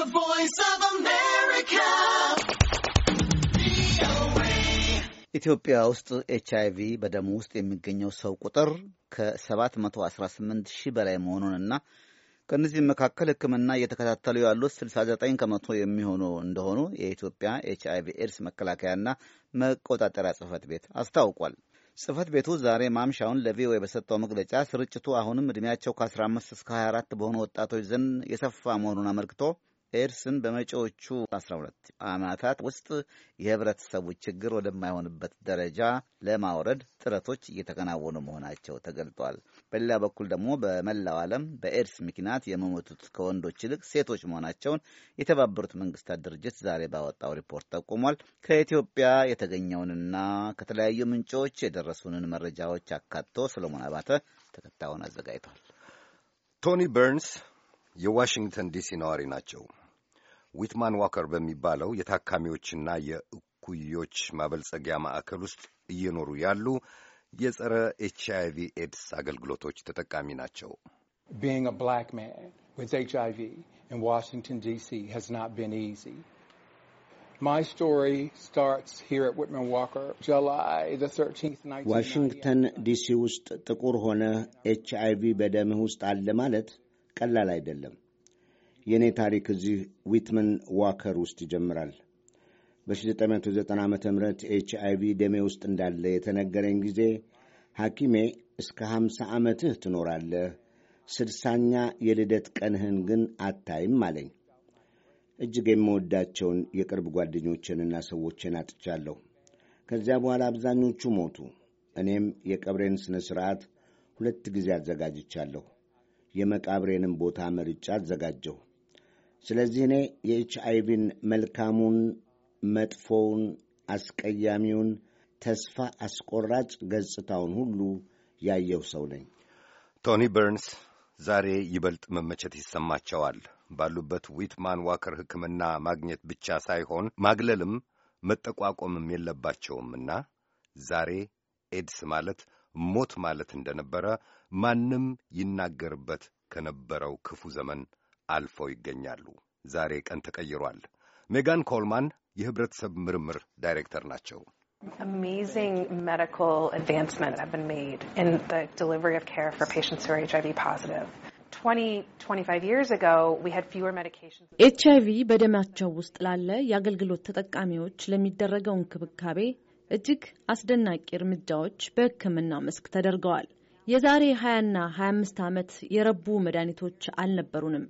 The Voice of America. ኢትዮጵያ ውስጥ ኤች አይ ቪ በደሙ ውስጥ የሚገኘው ሰው ቁጥር ከ718 ሺህ በላይ መሆኑንና ከእነዚህም መካከል ሕክምና እየተከታተሉ ያሉት 69 ከመቶ የሚሆኑ እንደሆኑ የኢትዮጵያ ኤች አይ ቪ ኤድስ መከላከያና መቆጣጠሪያ ጽሕፈት ቤት አስታውቋል። ጽህፈት ቤቱ ዛሬ ማምሻውን ለቪኦኤ በሰጠው መግለጫ ስርጭቱ አሁንም ዕድሜያቸው ከ15 እስከ 24 በሆኑ ወጣቶች ዘንድ የሰፋ መሆኑን አመልክቶ ኤድስን በመጪዎቹ 12 ዓመታት ውስጥ የህብረተሰቡ ችግር ወደማይሆንበት ደረጃ ለማውረድ ጥረቶች እየተከናወኑ መሆናቸው ተገልጧል። በሌላ በኩል ደግሞ በመላው ዓለም በኤድስ ምክንያት የመሞቱት ከወንዶች ይልቅ ሴቶች መሆናቸውን የተባበሩት መንግስታት ድርጅት ዛሬ ባወጣው ሪፖርት ጠቁሟል። ከኢትዮጵያ የተገኘውንና ከተለያዩ ምንጮች የደረሱንን መረጃዎች አካቶ ሰሎሞን አባተ ተከታዩን አዘጋጅቷል። ቶኒ በርንስ የዋሽንግተን ዲሲ ነዋሪ ናቸው። ዊትማን ዋከር በሚባለው የታካሚዎችና የእኩዮች ማበልጸጊያ ማዕከል ውስጥ እየኖሩ ያሉ የጸረ ኤች ኤድስ አገልግሎቶች ተጠቃሚ ናቸው። ዋሽንግተን ዲሲ ውስጥ ጥቁር ሆነ ኤች አይቪ በደምህ ውስጥ አለ ማለት ቀላል አይደለም። የእኔ ታሪክ እዚህ ዊትመን ዋከር ውስጥ ይጀምራል። በ1990 ዓ ም ኤች አይ ቪ ደሜ ውስጥ እንዳለ የተነገረኝ ጊዜ ሐኪሜ እስከ 50 ዓመትህ ትኖራለህ፣ ስድሳኛ የልደት ቀንህን ግን አታይም አለኝ። እጅግ የምወዳቸውን የቅርብ ጓደኞቼንና ሰዎቼን አጥቻለሁ። ከዚያ በኋላ አብዛኞቹ ሞቱ። እኔም የቀብሬን ሥነ ሥርዓት ሁለት ጊዜ አዘጋጅቻለሁ። የመቃብሬንም ቦታ መርጫ አዘጋጀሁ። ስለዚህ እኔ የኤች አይቪን መልካሙን፣ መጥፎውን፣ አስቀያሚውን፣ ተስፋ አስቆራጭ ገጽታውን ሁሉ ያየው ሰው ነኝ። ቶኒ በርንስ ዛሬ ይበልጥ መመቸት ይሰማቸዋል። ባሉበት ዊትማን ዋከር ሕክምና ማግኘት ብቻ ሳይሆን ማግለልም መጠቋቆምም የለባቸውምና ዛሬ ኤድስ ማለት ሞት ማለት እንደነበረ ማንም ይናገርበት ከነበረው ክፉ ዘመን አልፈው ይገኛሉ። ዛሬ ቀን ተቀይሯል። ሜጋን ኮልማን የህብረተሰብ ምርምር ዳይሬክተር ናቸው። ኤች አይቪ በደማቸው ውስጥ ላለ የአገልግሎት ተጠቃሚዎች ለሚደረገው እንክብካቤ እጅግ አስደናቂ እርምጃዎች በህክምና መስክ ተደርገዋል። የዛሬ 20ና 25 ዓመት የረቡ መድኃኒቶች አልነበሩንም።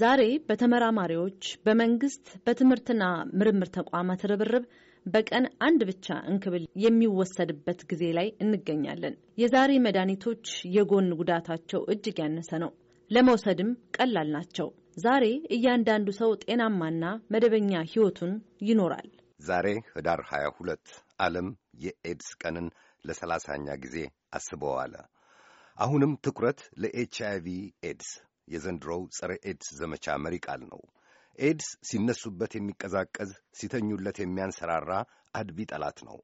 ዛሬ በተመራማሪዎች በመንግስት በትምህርትና ምርምር ተቋማት ርብርብ በቀን አንድ ብቻ እንክብል የሚወሰድበት ጊዜ ላይ እንገኛለን። የዛሬ መድኃኒቶች የጎን ጉዳታቸው እጅግ ያነሰ ነው፣ ለመውሰድም ቀላል ናቸው። ዛሬ እያንዳንዱ ሰው ጤናማና መደበኛ ህይወቱን ይኖራል። ዛሬ ህዳር 22 ዓለም የኤድስ ቀንን ለሰላሳኛ ጊዜ አስበዋለ። አሁንም ትኩረት ለኤች አይ ቪ ኤድስ የዘንድሮው ጸረ ኤድስ ዘመቻ መሪ ቃል ነው። ኤድስ ሲነሱበት የሚቀዛቀዝ ሲተኙለት የሚያንሰራራ አድቢ ጠላት ነው።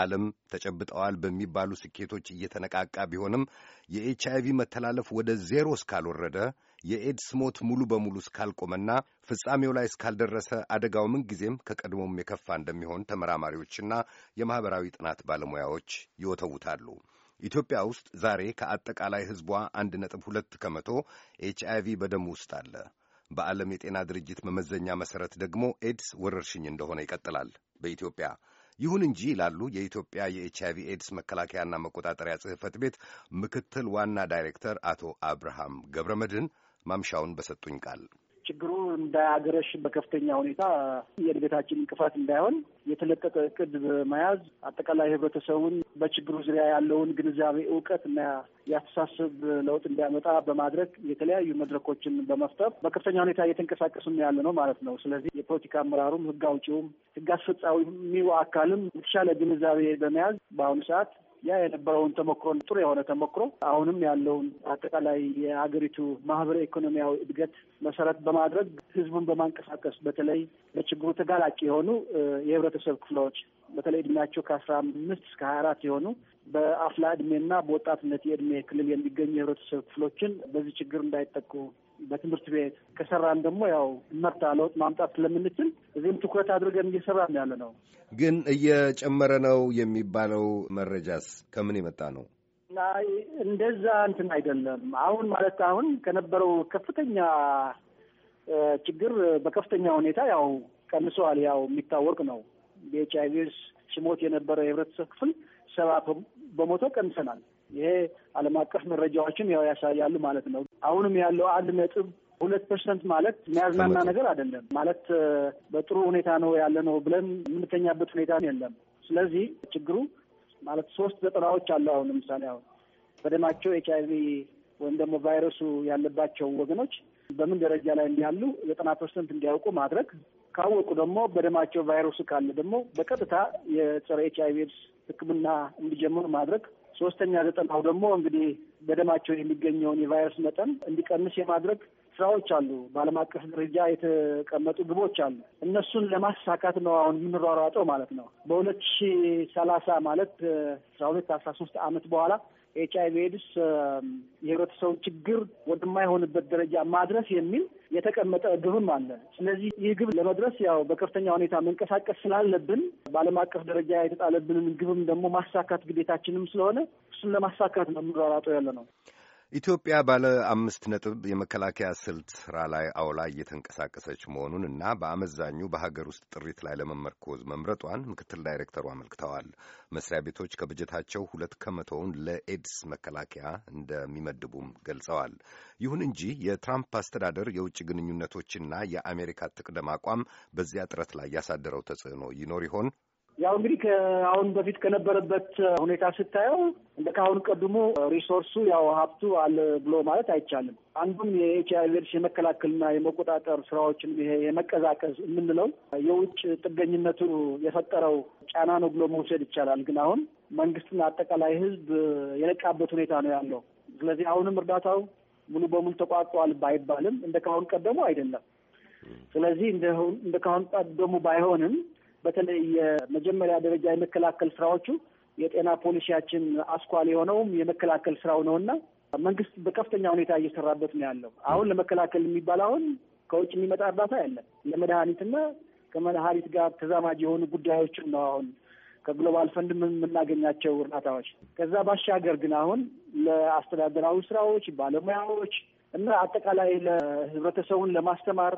ዓለም ተጨብጠዋል በሚባሉ ስኬቶች እየተነቃቃ ቢሆንም የኤች አይቪ መተላለፍ ወደ ዜሮ እስካልወረደ የኤድስ ሞት ሙሉ በሙሉ እስካልቆመና ፍጻሜው ላይ እስካልደረሰ አደጋው ምንጊዜም ከቀድሞም የከፋ እንደሚሆን ተመራማሪዎችና የማኅበራዊ ጥናት ባለሙያዎች ይወተውታሉ። ኢትዮጵያ ውስጥ ዛሬ ከአጠቃላይ ሕዝቧ አንድ ነጥብ ሁለት ከመቶ ኤች አይቪ በደም ውስጥ አለ። በዓለም የጤና ድርጅት መመዘኛ መሠረት ደግሞ ኤድስ ወረርሽኝ እንደሆነ ይቀጥላል በኢትዮጵያ። ይሁን እንጂ ይላሉ የኢትዮጵያ የኤች አይቪ ኤድስ መከላከያና መቆጣጠሪያ ጽሕፈት ቤት ምክትል ዋና ዳይሬክተር አቶ አብርሃም ገብረ ማምሻውን በሰጡኝ ቃል ችግሩ እንዳያገረሽ በከፍተኛ ሁኔታ የእድገታችን እንቅፋት እንዳይሆን የተለቀቀ እቅድ በመያዝ አጠቃላይ ህብረተሰቡን በችግሩ ዙሪያ ያለውን ግንዛቤ፣ እውቀት እና የአስተሳሰብ ለውጥ እንዲያመጣ በማድረግ የተለያዩ መድረኮችን በመፍጠር በከፍተኛ ሁኔታ እየተንቀሳቀሱም ያለ ነው ማለት ነው። ስለዚህ የፖለቲካ አመራሩም፣ ህግ አውጪውም፣ ህግ አስፈጻሚው አካልም የተሻለ ግንዛቤ በመያዝ በአሁኑ ሰዓት ያ የነበረውን ተሞክሮ ጥሩ የሆነ ተሞክሮ አሁንም ያለውን አጠቃላይ የሀገሪቱ ማህበራዊ ኢኮኖሚያዊ እድገት መሰረት በማድረግ ህዝቡን በማንቀሳቀስ በተለይ ለችግሩ ተጋላጭ የሆኑ የህብረተሰብ ክፍሎች በተለይ እድሜያቸው ከአስራ አምስት እስከ ሀያ አራት የሆኑ በአፍላ እድሜና በወጣትነት የእድሜ ክልል የሚገኙ የህብረተሰብ ክፍሎችን በዚህ ችግር እንዳይጠቁ በትምህርት ቤት ከሰራን ደግሞ ያው መርታ ለውጥ ማምጣት ስለምንችል እዚህም ትኩረት አድርገን እየሰራን ያለ ነው። ግን እየጨመረ ነው የሚባለው መረጃስ ከምን የመጣ ነው? እንደዛ እንትን አይደለም። አሁን ማለት አሁን ከነበረው ከፍተኛ ችግር በከፍተኛ ሁኔታ ያው ቀንሰዋል። ያው የሚታወቅ ነው። በኤች አይቪ ስሞት የነበረ የህብረተሰብ ክፍል ሰባ በመቶ ቀንሰናል። ይሄ ዓለም አቀፍ መረጃዎችም ያው ያሳያሉ ማለት ነው። አሁንም ያለው አንድ ነጥብ ሁለት ፐርሰንት ማለት የሚያዝናና ነገር አይደለም። ማለት በጥሩ ሁኔታ ነው ያለ ነው ብለን የምንተኛበት ሁኔታ የለም። ስለዚህ ችግሩ ማለት ሶስት ዘጠናዎች አሉ። አሁን ለምሳሌ አሁን በደማቸው ኤች አይቪ ወይም ደግሞ ቫይረሱ ያለባቸው ወገኖች በምን ደረጃ ላይ እንዲያሉ ዘጠና ፐርሰንት እንዲያውቁ ማድረግ ካወቁ ደግሞ በደማቸው ቫይረሱ ካለ ደግሞ በቀጥታ የጸረ ኤች አይቪ ኤድስ ሕክምና እንዲጀምሩ ማድረግ ሶስተኛ ዘጠናው ደግሞ እንግዲህ በደማቸው የሚገኘውን የቫይረስ መጠን እንዲቀንስ የማድረግ ስራዎች አሉ። በዓለም አቀፍ ደረጃ የተቀመጡ ግቦች አሉ። እነሱን ለማሳካት ነው አሁን የምንሯሯጠው ማለት ነው። በሁለት ሺ ሰላሳ ማለት አስራ ሁለት አስራ ሶስት አመት በኋላ ኤች አይቪ ኤድስ የህብረተሰቡ ችግር ወደማይሆንበት ደረጃ ማድረስ የሚል የተቀመጠ ግብም አለ። ስለዚህ ይህ ግብ ለመድረስ ያው በከፍተኛ ሁኔታ መንቀሳቀስ ስላለብን በዓለም አቀፍ ደረጃ የተጣለብንን ግብም ደግሞ ማሳካት ግዴታችንም ስለሆነ እሱን ለማሳካት ነው የምንሯሯጠው ያለ ነው። ኢትዮጵያ ባለ አምስት ነጥብ የመከላከያ ስልት ስራ ላይ አውላ እየተንቀሳቀሰች መሆኑን እና በአመዛኙ በሀገር ውስጥ ጥሪት ላይ ለመመርኮዝ መምረጧን ምክትል ዳይሬክተሩ አመልክተዋል። መስሪያ ቤቶች ከበጀታቸው ሁለት ከመቶውን ለኤድስ መከላከያ እንደሚመድቡም ገልጸዋል። ይሁን እንጂ የትራምፕ አስተዳደር የውጭ ግንኙነቶችና የአሜሪካ ትቅደም አቋም በዚያ ጥረት ላይ ያሳደረው ተጽዕኖ ይኖር ይሆን? ያው እንግዲህ ከአሁን በፊት ከነበረበት ሁኔታ ስታየው እንደ ከአሁን ቀድሞ ሪሶርሱ ያው ሀብቱ አለ ብሎ ማለት አይቻልም። አንዱም የኤች አይ ቪ ኤድስ የመከላከልና የመቆጣጠር ስራዎችን ይሄ የመቀዛቀዝ የምንለው የውጭ ጥገኝነቱ የፈጠረው ጫና ነው ብሎ መውሰድ ይቻላል። ግን አሁን መንግስትና አጠቃላይ ህዝብ የነቃበት ሁኔታ ነው ያለው። ስለዚህ አሁንም እርዳታው ሙሉ በሙሉ ተቋርጧል ባይባልም እንደ ከአሁን ቀደሙ አይደለም። ስለዚህ እንደ ከአሁን ቀደሙ ባይሆንም በተለይ የመጀመሪያ ደረጃ የመከላከል ስራዎቹ የጤና ፖሊሲያችን አስኳል የሆነውም የመከላከል ስራው እና መንግስት በከፍተኛ ሁኔታ እየሰራበት ነው ያለው። አሁን ለመከላከል የሚባል አሁን ከውጭ የሚመጣ እርዳታ ያለን ለመድኃኒትና ከመድኃኒት ጋር ተዛማጅ የሆኑ ጉዳዮችን ነው አሁን ከግሎባል ፈንድ የምናገኛቸው እርዳታዎች። ከዛ ባሻገር ግን አሁን ለአስተዳደራዊ ስራዎች ባለሙያዎች እና አጠቃላይ ለህብረተሰቡን ለማስተማር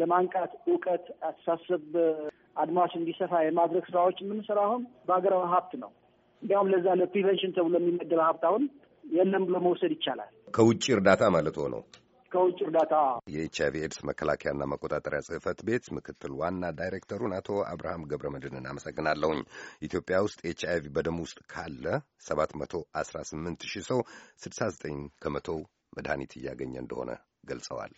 ለማንቃት እውቀት፣ አስተሳሰብ አድማዎች እንዲሰፋ የማድረግ ስራዎች የምንሰራ አሁን በሀገራዊ ሀብት ነው። እንዲያውም ለዛ ለፕሪቨንሽን ተብሎ የሚመደበ ሀብት አሁን የለም ብሎ መውሰድ ይቻላል። ከውጭ እርዳታ ማለት ሆነው ከውጭ እርዳታ የኤች አይቪ ኤድስ መከላከያና መቆጣጠሪያ ጽህፈት ቤት ምክትል ዋና ዳይሬክተሩን አቶ አብርሃም ገብረ መድህንን አመሰግናለሁኝ። ኢትዮጵያ ውስጥ ኤች አይቪ በደም ውስጥ ካለ ስምንት ሺህ ሰው ዘጠኝ ከመቶው መድኃኒት እያገኘ እንደሆነ ገልጸዋል።